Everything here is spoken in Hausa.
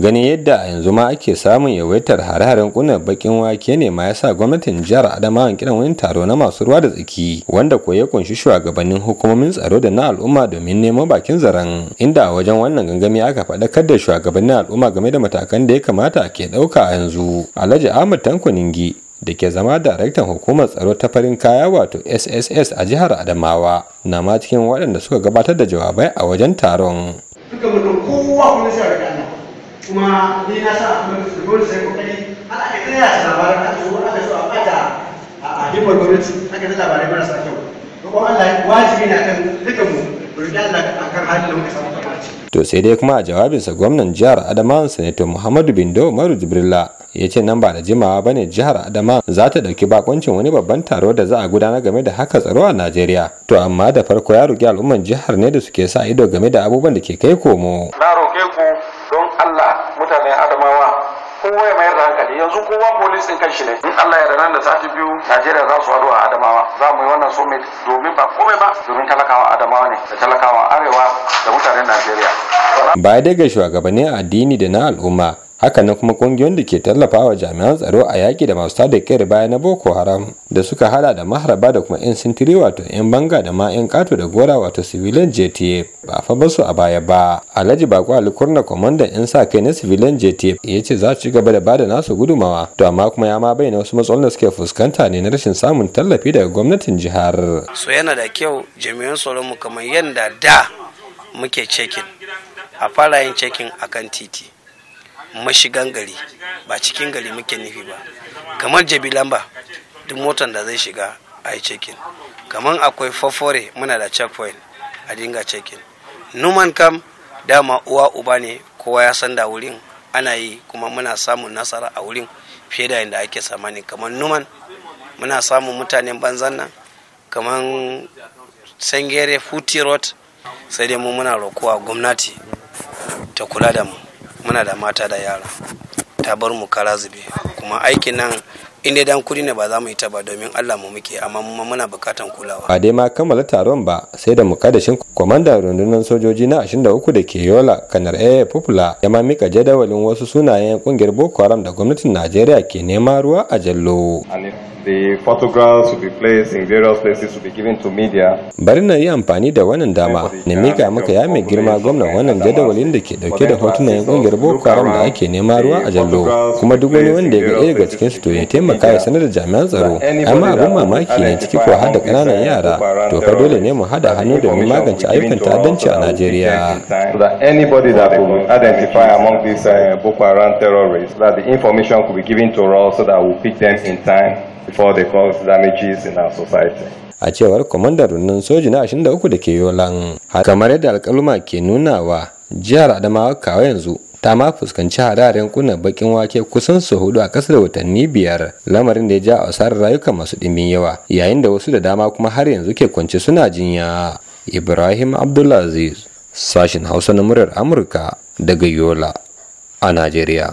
ganin yadda a yanzu ma ake samun yawaitar hare-haren kunar bakin wake ne ma yasa gwamnatin jihar adamawa kiran wani taro na masu ruwa da tsaki wanda ko ya kunshi shugabannin hukumomin tsaro da na al'umma domin neman bakin zaren inda a wajen wannan gangami aka faɗakar da shugabannin al'umma game da matakan da ya kamata ke ɗauka a yanzu alhaji ahmad tankuningi da ke zama daraktan hukumar tsaro ta farin kaya wato sss a jihar adamawa na ma cikin waɗanda suka gabatar da jawabai a wajen taron. kuma ni na sa a gwamnati da dole sai kokari ana aka tsaya ta labarin aka zo aka su a bata a himmar gwamnati aka ta labarai marasa kyau Ko Allah wajibi na kan dukkan mu roƙi Allah akan halin da muka samu kamar to sai dai kuma a jawabinsa gwamnan jihar adama sanato muhammadu bindo umaru Jibrilla ya ce nan ba da jimawa ba ne jihar adama za ta ɗauki bakoncin wani babban taro da za a gudanar game da haka tsaro a najeriya to amma da farko ya roƙi al'umman jihar ne da suke sa ido game da abubuwan da ke kai komo mutanen adamawa kowa ya mayar da hankali yanzu kowa polisin kan shi ne in Allah ya rana da sati biyu Najeriya za su haɗu a Adamawa za mu yi wannan summit domin ba komai ba domin talakawa Adamawa ne da talakawa Arewa da mutanen Najeriya. Baya daga shugabannin addini da na al'umma hakanan kuma kungiyoyin da ke tallafawa jami'an tsaro a yaƙi da masu tada kai baya na boko haram da suka hada da maharaba da kuma 'yan sintiri wato 'yan banga da ma 'yan kato da gora wato civilian jta ba fa basu a baya ba alhaji bako kurna kwamandan 'yan sa kai na civilian jta ya ce za su ci gaba da bada nasu gudumawa to amma kuma ya ma bayyana wasu matsalolin da suke fuskanta ne na rashin samun tallafi daga gwamnatin jihar. so yana da kyau jami'an tsaron mu kamar yadda da muke cekin a fara yin cekin akan titi mashigan gari ba cikin gari muke nufi ba kamar jabi lamba duk motan da zai shiga a yi cekin kamar akwai fafore muna da checkpoint a dinga cekin numan kam dama uwa uba ne kowa ya san da wurin ana yi kuma muna samun nasara a wurin fiye da yadda ake samani kamar numan muna samun mutanen banzan nan kamar sangere futi road sai dai mu muna rokowa gwamnati ta kula da mu muna da mata da yara ta bar mu kara zube kuma aikin nan in dai dan kudi ne ba za mu yi ta ba domin Allah mu muke amma muna bukatan kulawa ba dai ma kammala taron ba sai da mukaddashin kwamandan rundunar sojoji na 23 da ke Yola kanar AA Popula ya ma mika jadawalin wasu sunayen kungiyar Boko Haram da gwamnatin Najeriya ke nema ruwa a jallo The photographs will be placed in various places to be given to media. Bari na yi amfani da wannan dama na mika maka ya mai girma gwamnan wannan jadawalin da ke dauke da hotunan yan kungiyar Boko Haram da ake nema ruwa a Jallo kuma duk wani wanda ya ga ɗaya daga cikin su to ya taimaka ya sanar da jami'an tsaro amma abin mamaki ne ciki ko hada ƙananan yara to fa dole ne mu hada hannu domin magance ayyukan ta'addanci a Najeriya. anybody that will identify among these uh, Boko Haram terrorists that the information could be given to us so that we we'll pick them in time before they cause damages in our society. a cewar kwamandan rundunar soji na 23 da ke yolan kamar yadda alkaluma ke nunawa jihar adamawa kawai yanzu ta ma fuskanci hadarin kuna bakin wake kusan su hudu a kasar watanni biyar lamarin da ya ja asarar rayuka masu ɗimin yawa yayin da wasu da dama kuma har yanzu ke kwance suna jinya ibrahim abdulaziz Sashen hausa na muryar amurka daga yola a najeriya